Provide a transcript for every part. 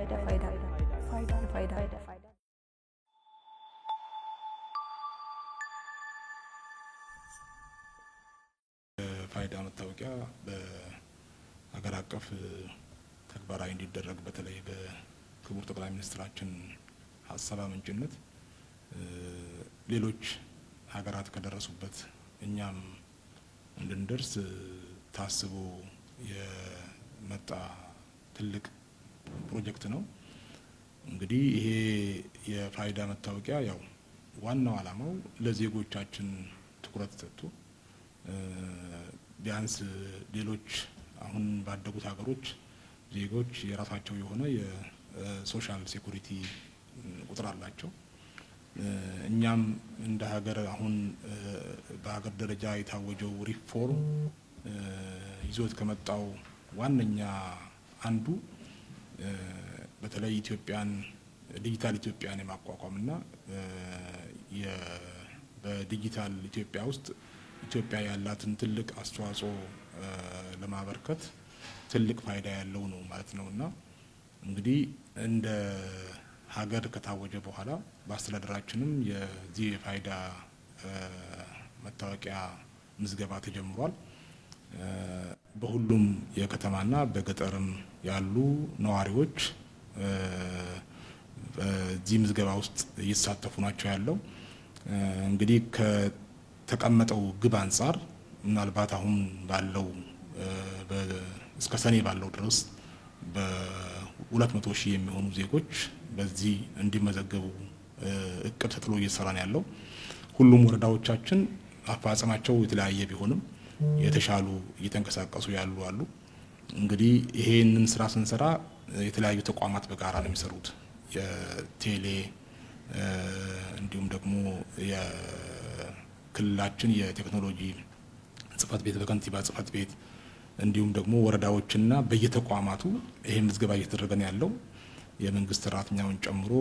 ፋይዳ መታወቂያ በሀገር አቀፍ ተግባራዊ እንዲደረግ በተለይ በክቡር ጠቅላይ ሚኒስትራችን ሀሳብ አመንጭነት ሌሎች ሀገራት ከደረሱበት እኛም እንድንደርስ ታስቦ የመጣ ትልቅ ፕሮጀክት ነው። እንግዲህ ይሄ የፋይዳ መታወቂያ ያው ዋናው ዓላማው ለዜጎቻችን ትኩረት ሰጥቶ ቢያንስ ሌሎች አሁን ባደጉት ሀገሮች ዜጎች የራሳቸው የሆነ የሶሻል ሴኩሪቲ ቁጥር አላቸው። እኛም እንደ ሀገር አሁን በሀገር ደረጃ የታወጀው ሪፎርም ይዞት ከመጣው ዋነኛ አንዱ በተለይ ኢትዮጵያን ዲጂታል ኢትዮጵያን የማቋቋምና በዲጂታል ኢትዮጵያ ውስጥ ኢትዮጵያ ያላትን ትልቅ አስተዋጽኦ ለማበርከት ትልቅ ፋይዳ ያለው ነው ማለት ነው እና እንግዲህ እንደ ሀገር ከታወጀ በኋላ በአስተዳደራችንም የዚህ የፋይዳ መታወቂያ ምዝገባ ተጀምሯል። በሁሉም የከተማና በገጠርም ያሉ ነዋሪዎች በዚህ ምዝገባ ውስጥ እየተሳተፉ ናቸው ያለው። እንግዲህ ከተቀመጠው ግብ አንጻር ምናልባት አሁን ባለው እስከ ሰኔ ባለው ድረስ በ200 ሺህ የሚሆኑ ዜጎች በዚህ እንዲመዘገቡ እቅድ ተጥሎ እየሰራ ነው ያለው። ሁሉም ወረዳዎቻችን አፈጻጸማቸው የተለያየ ቢሆንም የተሻሉ እየተንቀሳቀሱ ያሉ አሉ። እንግዲህ ይሄንን ስራ ስንሰራ የተለያዩ ተቋማት በጋራ ነው የሚሰሩት የቴሌ እንዲሁም ደግሞ የክልላችን የቴክኖሎጂ ጽህፈት ቤት በከንቲባ ጽህፈት ቤት እንዲሁም ደግሞ ወረዳዎችና በየተቋማቱ ይሄ ምዝገባ እየተደረገ ነው ያለው። የመንግስት ሰራተኛውን ጨምሮ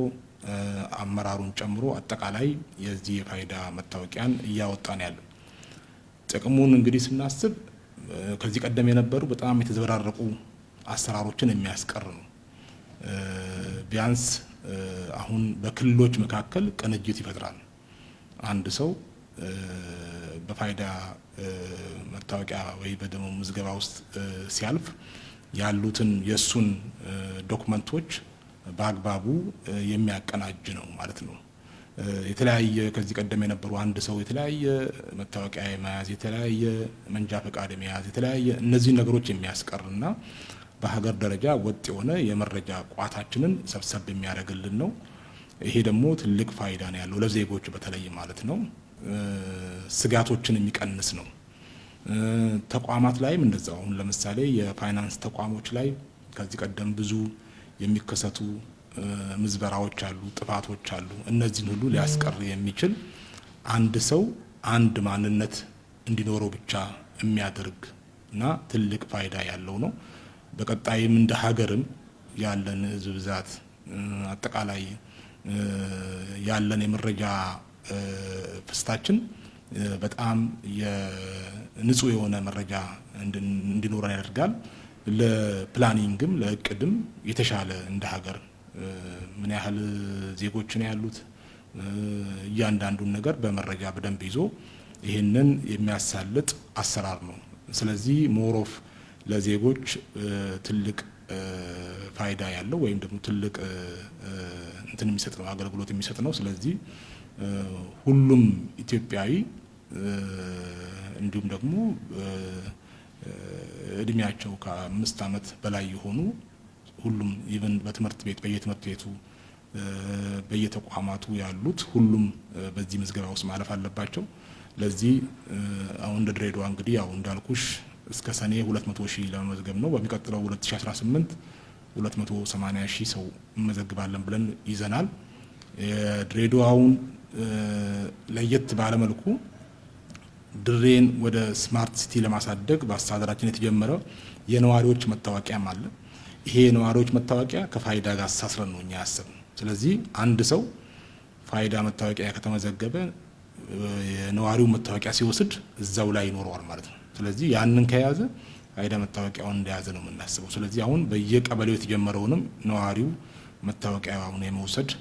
አመራሩን ጨምሮ አጠቃላይ የዚህ የፋይዳ መታወቂያን እያወጣ ነው ያለው። ጥቅሙን እንግዲህ ስናስብ ከዚህ ቀደም የነበሩ በጣም የተዘበራረቁ አሰራሮችን የሚያስቀር ነው። ቢያንስ አሁን በክልሎች መካከል ቅንጅት ይፈጥራል። አንድ ሰው በፋይዳ መታወቂያ ወይ በደሞ ምዝገባ ውስጥ ሲያልፍ ያሉትን የእሱን ዶክመንቶች በአግባቡ የሚያቀናጅ ነው ማለት ነው። የተለያየ ከዚህ ቀደም የነበሩ አንድ ሰው የተለያየ መታወቂያ የመያዝ የተለያየ መንጃ ፈቃድ የመያዝ የተለያየ እነዚህ ነገሮች የሚያስቀርና በሀገር ደረጃ ወጥ የሆነ የመረጃ ቋታችንን ሰብሰብ የሚያደርግልን ነው። ይሄ ደግሞ ትልቅ ፋይዳ ነው ያለው ለዜጎች በተለይ ማለት ነው። ስጋቶችን የሚቀንስ ነው። ተቋማት ላይም እንደዛው አሁን ለምሳሌ የፋይናንስ ተቋሞች ላይ ከዚህ ቀደም ብዙ የሚከሰቱ ምዝበራዎች አሉ፣ ጥፋቶች አሉ። እነዚህን ሁሉ ሊያስቀር የሚችል አንድ ሰው አንድ ማንነት እንዲኖረው ብቻ የሚያደርግ እና ትልቅ ፋይዳ ያለው ነው። በቀጣይም እንደ ሀገርም ያለን ህዝብ ብዛት አጠቃላይ ያለን የመረጃ ፍስታችን በጣም ንጹህ የሆነ መረጃ እንዲኖረን ያደርጋል። ለፕላኒንግም ለእቅድም የተሻለ እንደ ሀገር ምን ያህል ዜጎች ነው ያሉት፣ እያንዳንዱን ነገር በመረጃ በደንብ ይዞ ይህንን የሚያሳልጥ አሰራር ነው። ስለዚህ ሞሮፍ ለዜጎች ትልቅ ፋይዳ ያለው ወይም ደግሞ ትልቅ እንትን የሚሰጥ ነው፣ አገልግሎት የሚሰጥ ነው። ስለዚህ ሁሉም ኢትዮጵያዊ እንዲሁም ደግሞ እድሜያቸው ከአምስት ዓመት በላይ የሆኑ ሁሉም ኢቨን በትምህርት ቤት በየትምህርት ቤቱ በየተቋማቱ ያሉት ሁሉም በዚህ ምዝገባ ውስጥ ማለፍ አለባቸው። ለዚህ አሁን እንደ ድሬዳዋ እንግዲህ ያው እንዳልኩሽ እስከ ሰኔ 200 ሺህ ለመመዝገብ ነው። በሚቀጥለው 2018 280 ሺህ ሰው እንመዘግባለን ብለን ይዘናል። የድሬዳዋውን ለየት ባለመልኩ ድሬን ወደ ስማርት ሲቲ ለማሳደግ በአስተዳደራችን የተጀመረ የነዋሪዎች መታወቂያም አለ። ይሄ የነዋሪዎች መታወቂያ ከፋይዳ ጋር አሳስረን ነው እኛ ያስብ። ስለዚህ አንድ ሰው ፋይዳ መታወቂያ ከተመዘገበ የነዋሪው መታወቂያ ሲወስድ እዛው ላይ ይኖረዋል ማለት ነው። ስለዚህ ያንን ከያዘ ፋይዳ መታወቂያውን እንደያዘ ነው የምናስበው። ስለዚህ አሁን በየቀበሌው የተጀመረውንም ነዋሪው መታወቂያውን የመውሰድ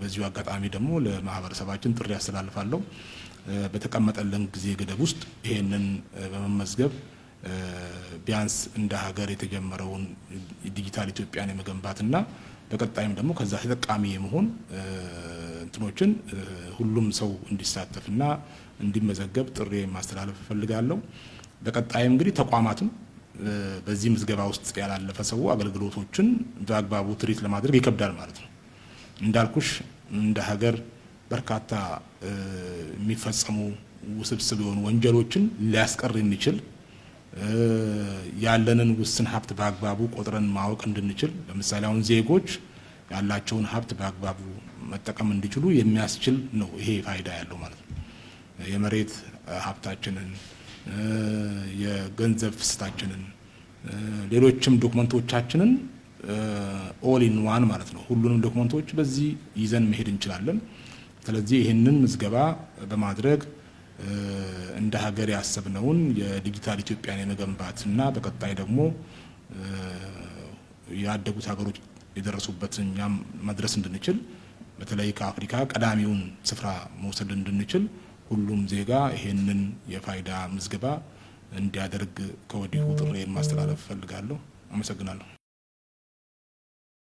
በዚሁ አጋጣሚ ደግሞ ለማህበረሰባችን ጥሪ ያስተላልፋለሁ። በተቀመጠልን ጊዜ ገደብ ውስጥ ይሄንን በመመዝገብ ቢያንስ እንደ ሀገር የተጀመረውን ዲጂታል ኢትዮጵያን የመገንባትና በቀጣይም ደግሞ ከዛ ተጠቃሚ የመሆን እንትኖችን ሁሉም ሰው እንዲሳተፍና እንዲመዘገብ ጥሪ ማስተላለፍ እፈልጋለሁ። በቀጣይም እንግዲህ ተቋማትም በዚህ ምዝገባ ውስጥ ያላለፈ ሰው አገልግሎቶችን በአግባቡ ትሪት ለማድረግ ይከብዳል ማለት ነው። እንዳልኩሽ እንደ ሀገር በርካታ የሚፈጸሙ ውስብስብ የሆኑ ወንጀሎችን ሊያስቀር የሚችል ያለንን ውስን ሀብት በአግባቡ ቆጥረን ማወቅ እንድንችል ለምሳሌ አሁን ዜጎች ያላቸውን ሀብት በአግባቡ መጠቀም እንዲችሉ የሚያስችል ነው። ይሄ ፋይዳ ያለው ማለት ነው። የመሬት ሀብታችንን፣ የገንዘብ ፍሰታችንን፣ ሌሎችም ዶክመንቶቻችንን ኦል ኢን ዋን ማለት ነው። ሁሉንም ዶክመንቶች በዚህ ይዘን መሄድ እንችላለን። ስለዚህ ይህንን ምዝገባ በማድረግ እንደ ሀገር ያሰብነውን የዲጂታል ኢትዮጵያን የመገንባት እና በቀጣይ ደግሞ ያደጉት ሀገሮች የደረሱበትን ያም መድረስ እንድንችል በተለይ ከአፍሪካ ቀዳሚውን ስፍራ መውሰድ እንድንችል ሁሉም ዜጋ ይሄንን የፋይዳ ምዝገባ እንዲያደርግ ከወዲሁ ጥሪ ማስተላለፍ እፈልጋለሁ። አመሰግናለሁ።